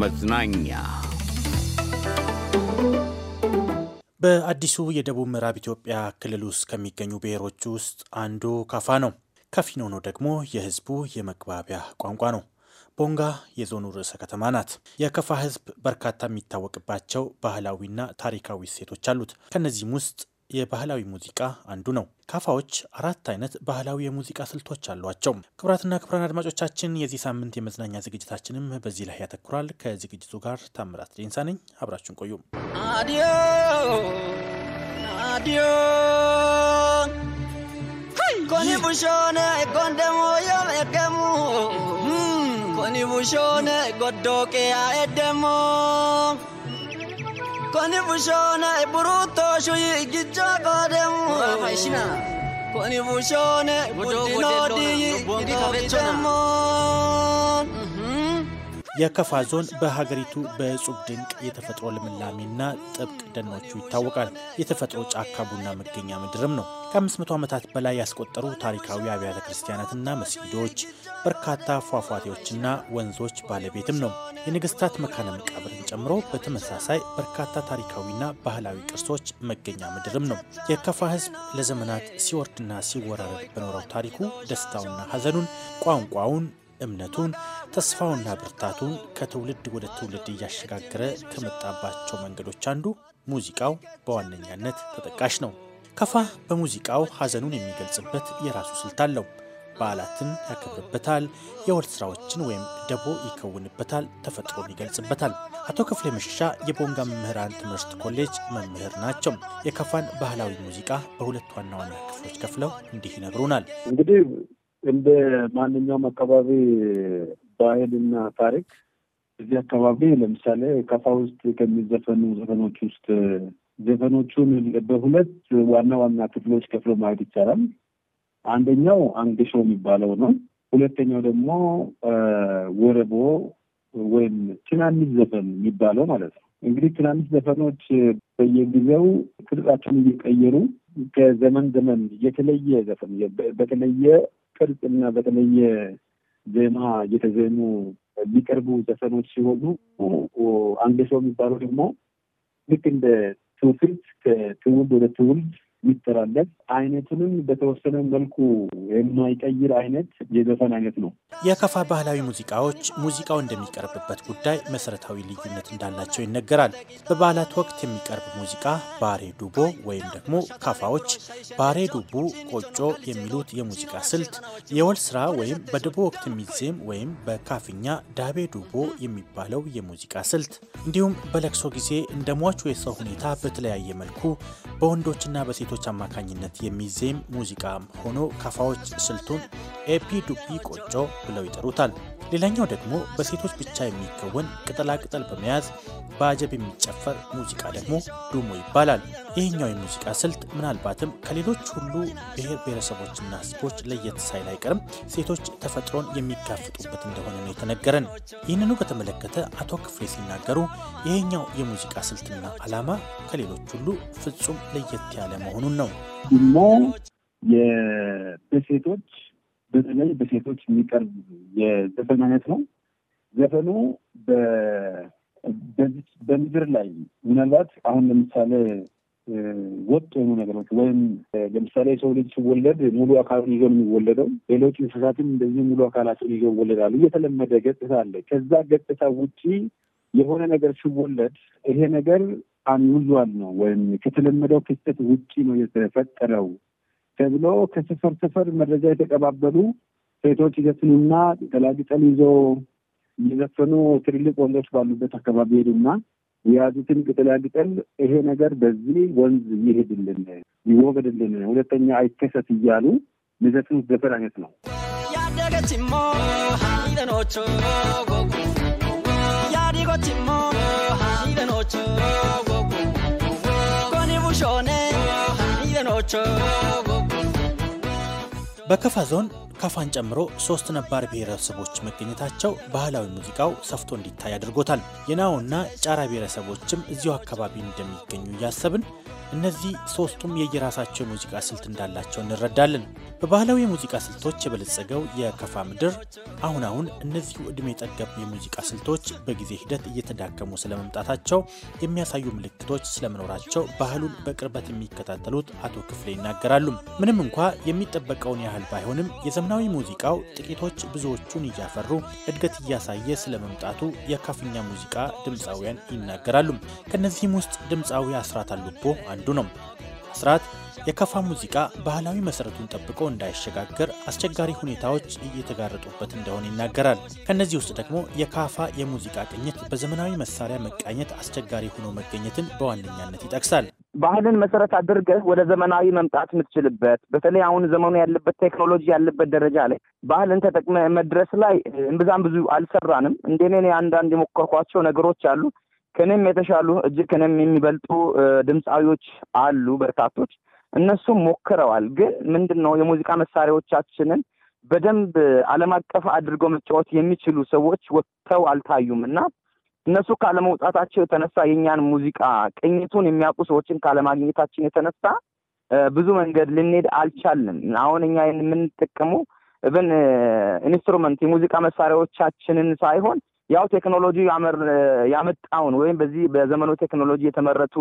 መዝናኛ በአዲሱ የደቡብ ምዕራብ ኢትዮጵያ ክልል ውስጥ ከሚገኙ ብሔሮች ውስጥ አንዱ ካፋ ነው። ነው ደግሞ የህዝቡ የመግባቢያ ቋንቋ ነው። ቦንጋ የዞኑ ርዕሰ ከተማ ናት። የከፋ ህዝብ በርካታ የሚታወቅባቸው ባህላዊና ታሪካዊ እሴቶች አሉት። ከእነዚህም ውስጥ የባህላዊ ሙዚቃ አንዱ ነው። ካፋዎች አራት አይነት ባህላዊ የሙዚቃ ስልቶች አሏቸው። ክቡራትና ክቡራን አድማጮቻችን የዚህ ሳምንት የመዝናኛ ዝግጅታችንም በዚህ ላይ ያተኩራል። ከዝግጅቱ ጋር ታምራት ዴንሳ ነኝ። አብራችሁን ቆዩ። አዲዮ አዲዮ ኮኒ ቡሾነ ጎንደሞ ኮኒ ቡሾነ ጎዶቄያ ኤደሞ kwani bushone buruto shuyi gijo godem faishina kwani bushone budinodi gido gidemo የከፋ ዞን በሀገሪቱ በእጹብ ድንቅ የተፈጥሮ ልምላሜና ጥብቅ ደኖቹ ይታወቃል። የተፈጥሮ ጫካ ቡና መገኛ ምድርም ነው። ከ500 ዓመታት በላይ ያስቆጠሩ ታሪካዊ አብያተ ክርስቲያናትና መስጊዶች፣ በርካታ ፏፏቴዎችና ወንዞች ባለቤትም ነው። የንግስታት መካነ መቃብርን ጨምሮ በተመሳሳይ በርካታ ታሪካዊና ባህላዊ ቅርሶች መገኛ ምድርም ነው። የከፋ ህዝብ ለዘመናት ሲወርድና ሲወራረድ በኖረው ታሪኩ ደስታውና ሀዘኑን ቋንቋውን እምነቱን ተስፋውና ብርታቱን ከትውልድ ወደ ትውልድ እያሸጋገረ ከመጣባቸው መንገዶች አንዱ ሙዚቃው በዋነኛነት ተጠቃሽ ነው። ከፋ በሙዚቃው ሐዘኑን የሚገልጽበት የራሱ ስልት አለው። በዓላትን ያከብርበታል። የወል ስራዎችን ወይም ደቦ ይከውንበታል። ተፈጥሮን ይገልጽበታል። አቶ ክፍሌ መሸሻ የቦንጋ መምህራን ትምህርት ኮሌጅ መምህር ናቸው። የከፋን ባህላዊ ሙዚቃ በሁለት ዋና ዋና ክፍሎች ከፍለው እንዲህ ይነግሩናል። እንግዲህ እንደ ማንኛውም አካባቢ ባህልና ታሪክ እዚህ አካባቢ ለምሳሌ ከፋ ውስጥ ከሚዘፈኑ ዘፈኖች ውስጥ ዘፈኖቹን በሁለት ዋና ዋና ክፍሎች ከፍሎ ማየት ይቻላል። አንደኛው አንገሾ የሚባለው ነው። ሁለተኛው ደግሞ ወረቦ ወይም ትናንሽ ዘፈን የሚባለው ማለት ነው። እንግዲህ ትናንሽ ዘፈኖች በየጊዜው ቅርጻቸውን እየቀየሩ ከዘመን ዘመን የተለየ ዘፈን በተለየ ቅርጽ እና በተለየ ዜማ እየተዜሙ የሚቀርቡ ዘፈኖች ሲሆኑ ሰው የሚባለው ደግሞ ልክ እንደ ትውፊት ከትውልድ ወደ ትውልድ የሚተላለፍ አይነቱንም በተወሰነ መልኩ የማይቀይር አይነት የዘፈን አይነት ነው። የከፋ ባህላዊ ሙዚቃዎች ሙዚቃው እንደሚቀርብበት ጉዳይ መሰረታዊ ልዩነት እንዳላቸው ይነገራል። በበዓላት ወቅት የሚቀርብ ሙዚቃ ባሬ ዱቦ ወይም ደግሞ ካፋዎች ባሬ ዱቡ፣ ቆጮ የሚሉት የሙዚቃ ስልት የወል ስራ ወይም በድቦ ወቅት የሚዜም ወይም በካፍኛ ዳቤ ዱቦ የሚባለው የሙዚቃ ስልት እንዲሁም በለቅሶ ጊዜ እንደ ሟቹ የሰው ሁኔታ በተለያየ መልኩ በወንዶችና በሴ በስልቶች አማካኝነት የሚዜም ሙዚቃ ሆኖ ካፋዎች ስልቱን ኤፒ ዱፒ ቆጮ ብለው ይጠሩታል። ሌላኛው ደግሞ በሴቶች ብቻ የሚከወን ቅጠላቅጠል በመያዝ በአጀብ የሚጨፈር ሙዚቃ ደግሞ ዱሞ ይባላል። ይህኛው የሙዚቃ ስልት ምናልባትም ከሌሎች ሁሉ ብሔር ብሔረሰቦችና ሕዝቦች ለየት ሳይል አይቀርም ሴቶች ተፈጥሮን የሚጋፍጡበት እንደሆነ ነው የተነገረን። ይህንኑ በተመለከተ አቶ ክፍሌ ሲናገሩ ይህኛው የሙዚቃ ስልትና ዓላማ ከሌሎች ሁሉ ፍጹም ለየት ያለ መሆኑን ነው። ዱሞ በሴቶች በተለይ በሴቶች የሚቀርብ የዘፈን አይነት ነው። ዘፈኑ በምድር ላይ ምናልባት አሁን ለምሳሌ ወጥ የሆኑ ነገሮች ወይም ለምሳሌ የሰው ልጅ ሲወለድ ሙሉ አካሉን ይዞ የሚወለደው ሌሎች እንስሳትም እንደዚህ ሙሉ አካላቸውን ይዞ ይወለዳሉ። እየተለመደ ገጽታ አለ። ከዛ ገጽታ ውጪ የሆነ ነገር ሲወለድ ይሄ ነገር አንውዟል ነው ወይም ከተለመደው ክስተት ውጪ ነው የተፈጠረው ተብሎ ከስፈር ስፈር መረጃ የተቀባበሉ ሴቶች ይዘትንና ተላግጠል ይዞ እየዘፈኑ ትልልቅ ወንዞች ባሉበት አካባቢ ሄዱና የያዙትን ቅጠላቅጠል ይሄ ነገር በዚህ ወንዝ ይሄድልን፣ ይወገድልን፣ ሁለተኛ አይከሰት እያሉ የሚዘፍኑት ዘፈን አይነት ነው። ያደገችሞ ሀይለኖቹ ያዲጎችሞ በከፋ ዞን ከፋን ጨምሮ ሶስት ነባር ብሔረሰቦች መገኘታቸው ባህላዊ ሙዚቃው ሰፍቶ እንዲታይ አድርጎታል። የናውና ጫራ ብሔረሰቦችም እዚሁ አካባቢ እንደሚገኙ እያሰብን እነዚህ ሶስቱም የየራሳቸው የሙዚቃ ስልት እንዳላቸው እንረዳለን። በባህላዊ የሙዚቃ ስልቶች የበለጸገው የከፋ ምድር አሁን አሁን እነዚሁ ዕድሜ ጠገብ የሙዚቃ ስልቶች በጊዜ ሂደት እየተዳከሙ ስለመምጣታቸው የሚያሳዩ ምልክቶች ስለመኖራቸው ባህሉን በቅርበት የሚከታተሉት አቶ ክፍሌ ይናገራሉ። ምንም እንኳ የሚጠበቀውን ያህል ባይሆንም የዘመናዊ ሙዚቃው ጥቂቶች ብዙዎቹን እያፈሩ እድገት እያሳየ ስለመምጣቱ የካፍኛ ሙዚቃ ድምፃውያን ይናገራሉ። ከእነዚህም ውስጥ ድምፃዊ አስራት አሉቦ አንዱ ነው። አስራት የከፋ ሙዚቃ ባህላዊ መሰረቱን ጠብቆ እንዳይሸጋገር አስቸጋሪ ሁኔታዎች እየተጋረጡበት እንደሆነ ይናገራል። ከእነዚህ ውስጥ ደግሞ የካፋ የሙዚቃ ቅኝት በዘመናዊ መሳሪያ መቃኘት አስቸጋሪ ሆኖ መገኘትን በዋነኛነት ይጠቅሳል። ባህልን መሰረት አድርገህ ወደ ዘመናዊ መምጣት የምትችልበት በተለይ አሁን ዘመኑ ያለበት ቴክኖሎጂ ያለበት ደረጃ ላይ ባህልን ተጠቅመ መድረስ ላይ እምብዛም ብዙ አልሰራንም። እንደኔ አንዳንድ የሞከርኳቸው ነገሮች አሉ ከእኔም የተሻሉ እጅግ ከእኔም የሚበልጡ ድምፃዊዎች አሉ በርካቶች። እነሱም ሞክረዋል። ግን ምንድን ነው የሙዚቃ መሳሪያዎቻችንን በደንብ አለም አቀፍ አድርገው መጫወት የሚችሉ ሰዎች ወጥተው አልታዩም እና እነሱ ካለመውጣታቸው የተነሳ የእኛን ሙዚቃ ቅኝቱን የሚያውቁ ሰዎችን ካለማግኘታችን የተነሳ ብዙ መንገድ ልንሄድ አልቻልም አሁን እኛ የምንጠቀሙ ብን ኢንስትሩመንት የሙዚቃ መሳሪያዎቻችንን ሳይሆን ያው ቴክኖሎጂ ያመጣውን ወይም በዚህ በዘመኑ ቴክኖሎጂ የተመረቱ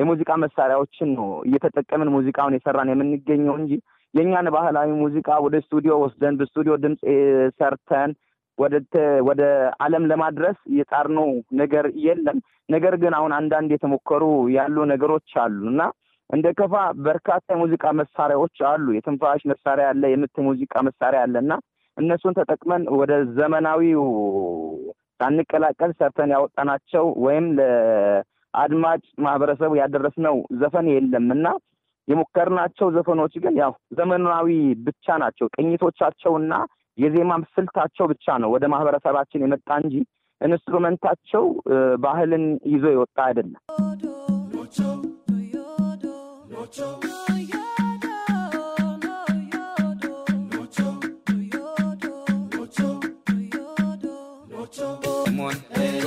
የሙዚቃ መሳሪያዎችን ነው እየተጠቀምን ሙዚቃውን የሰራን የምንገኘው እንጂ የእኛን ባህላዊ ሙዚቃ ወደ ስቱዲዮ ወስደን በስቱዲዮ ድምፅ ሰርተን ወደ ዓለም ለማድረስ የጣርነው ነገር የለም። ነገር ግን አሁን አንዳንድ የተሞከሩ ያሉ ነገሮች አሉ እና እንደ ከፋ በርካታ የሙዚቃ መሳሪያዎች አሉ። የትንፋሽ መሳሪያ አለ፣ የምት ሙዚቃ መሳሪያ አለ እና እነሱን ተጠቅመን ወደ ዘመናዊው ሳንቀላቀል ሰርተን ያወጣናቸው ወይም ለአድማጭ ማህበረሰቡ ያደረስነው ዘፈን የለም እና የሞከርናቸው ዘፈኖች ግን ያው ዘመናዊ ብቻ ናቸው። ቅኝቶቻቸውና የዜማ ስልታቸው ብቻ ነው ወደ ማህበረሰባችን የመጣ እንጂ ኢንስትሩመንታቸው ባህልን ይዞ የወጣ አይደለም።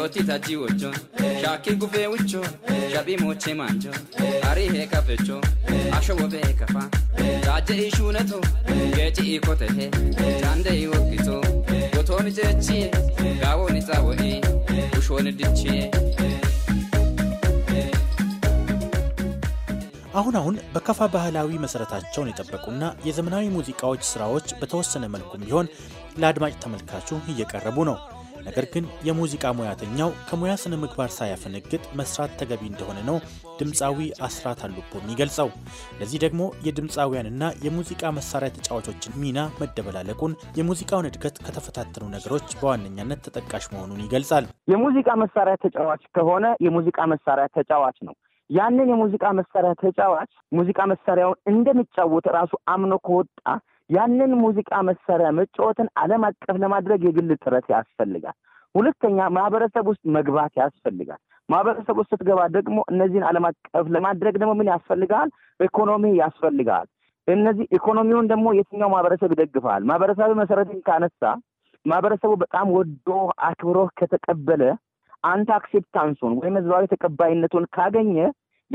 Otita jiwocho, shaki gufe wicho, shabi moche manjo, ari Heka Pecho, asho wobe kafa, raje ishu neto, gechi ikote he, tande iwokito, gotoni jechi, gawo ni tawo e, ushoni dichi. አሁን አሁን በከፋ ባህላዊ መሰረታቸውን የጠበቁና የዘመናዊ ሙዚቃዎች ስራዎች በተወሰነ መልኩም ቢሆን ለአድማጭ ተመልካቹ እየቀረቡ ነው። ነገር ግን የሙዚቃ ሙያተኛው ከሙያ ስነ ምግባር ሳያፈነግጥ መስራት ተገቢ እንደሆነ ነው ድምፃዊ አስራት አሉቦ የሚገልጸው። ለዚህ ደግሞ የድምፃውያንና የሙዚቃ መሳሪያ ተጫዋቾችን ሚና መደበላለቁን፣ የሙዚቃውን እድገት ከተፈታተኑ ነገሮች በዋነኛነት ተጠቃሽ መሆኑን ይገልጻል። የሙዚቃ መሳሪያ ተጫዋች ከሆነ የሙዚቃ መሳሪያ ተጫዋች ነው። ያንን የሙዚቃ መሳሪያ ተጫዋች ሙዚቃ መሳሪያውን እንደሚጫወት ራሱ አምኖ ከወጣ ያንን ሙዚቃ መሳሪያ መጫወትን ዓለም አቀፍ ለማድረግ የግል ጥረት ያስፈልጋል። ሁለተኛ ማህበረሰብ ውስጥ መግባት ያስፈልጋል። ማህበረሰብ ውስጥ ስትገባ ደግሞ እነዚህን ዓለም አቀፍ ለማድረግ ደግሞ ምን ያስፈልጋል? ኢኮኖሚ ያስፈልጋል። እነዚህ ኢኮኖሚውን ደግሞ የትኛው ማህበረሰብ ይደግፋል? ማህበረሰብ መሰረትን ካነሳ ማህበረሰቡ በጣም ወዶ አክብሮ ከተቀበለ አንተ አክሴፕታንሱን ወይም ህዝባዊ ተቀባይነቱን ካገኘ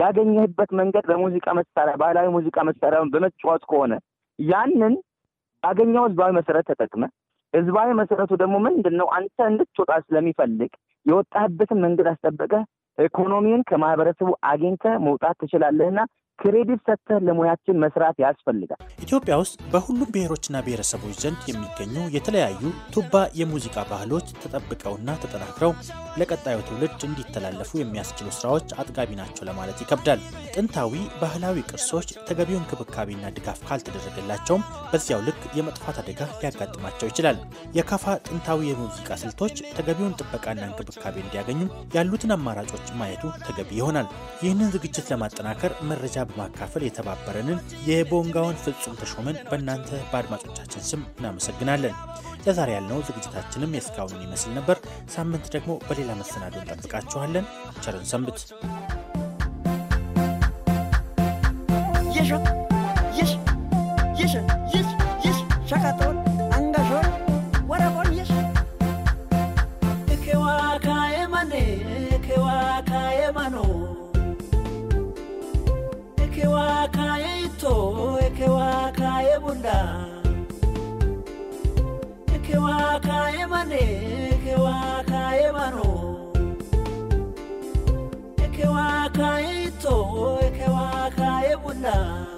ያገኘህበት መንገድ በሙዚቃ መሳሪያ ባህላዊ ሙዚቃ መሳሪያውን በመጫወት ከሆነ ያንን ያገኘው ህዝባዊ መሰረት ተጠቅመ ህዝባዊ መሰረቱ ደግሞ ምንድን ነው? አንተ እንድትወጣ ስለሚፈልግ የወጣህበትን መንገድ አስጠበቀ ኢኮኖሚን ከማህበረሰቡ አግኝተ መውጣት ትችላለህና ክሬዲት ሰጥተህ ለሙያችን መስራት ያስፈልጋል። ኢትዮጵያ ውስጥ በሁሉም ብሔሮችና ብሔረሰቦች ዘንድ የሚገኙ የተለያዩ ቱባ የሙዚቃ ባህሎች ተጠብቀውና ተጠናክረው ለቀጣዩ ትውልድ እንዲተላለፉ የሚያስችሉ ስራዎች አጥጋቢ ናቸው ለማለት ይከብዳል። ጥንታዊ ባህላዊ ቅርሶች ተገቢው እንክብካቤና ድጋፍ ካልተደረገላቸውም በዚያው ልክ የመጥፋት አደጋ ሊያጋጥማቸው ይችላል። የካፋ ጥንታዊ የሙዚቃ ስልቶች ተገቢውን ጥበቃና እንክብካቤ እንዲያገኙ ያሉትን አማራጮች ማየቱ ተገቢ ይሆናል። ይህንን ዝግጅት ለማጠናከር መረጃ በማካፈል የተባበረንን የቦንጋውን ፍጹም ተሾመን በእናንተ በአድማጮቻችን ስም እናመሰግናለን። ለዛሬ ያልነው ዝግጅታችንም የእስካሁኑን ይመስል ነበር። ሳምንት ደግሞ በሌላ መሰናዶ እንጠብቃችኋለን። ቸርን ሰንብት። kunda kewa kae mane kewa kae mano kewa kae to kewa kae bunda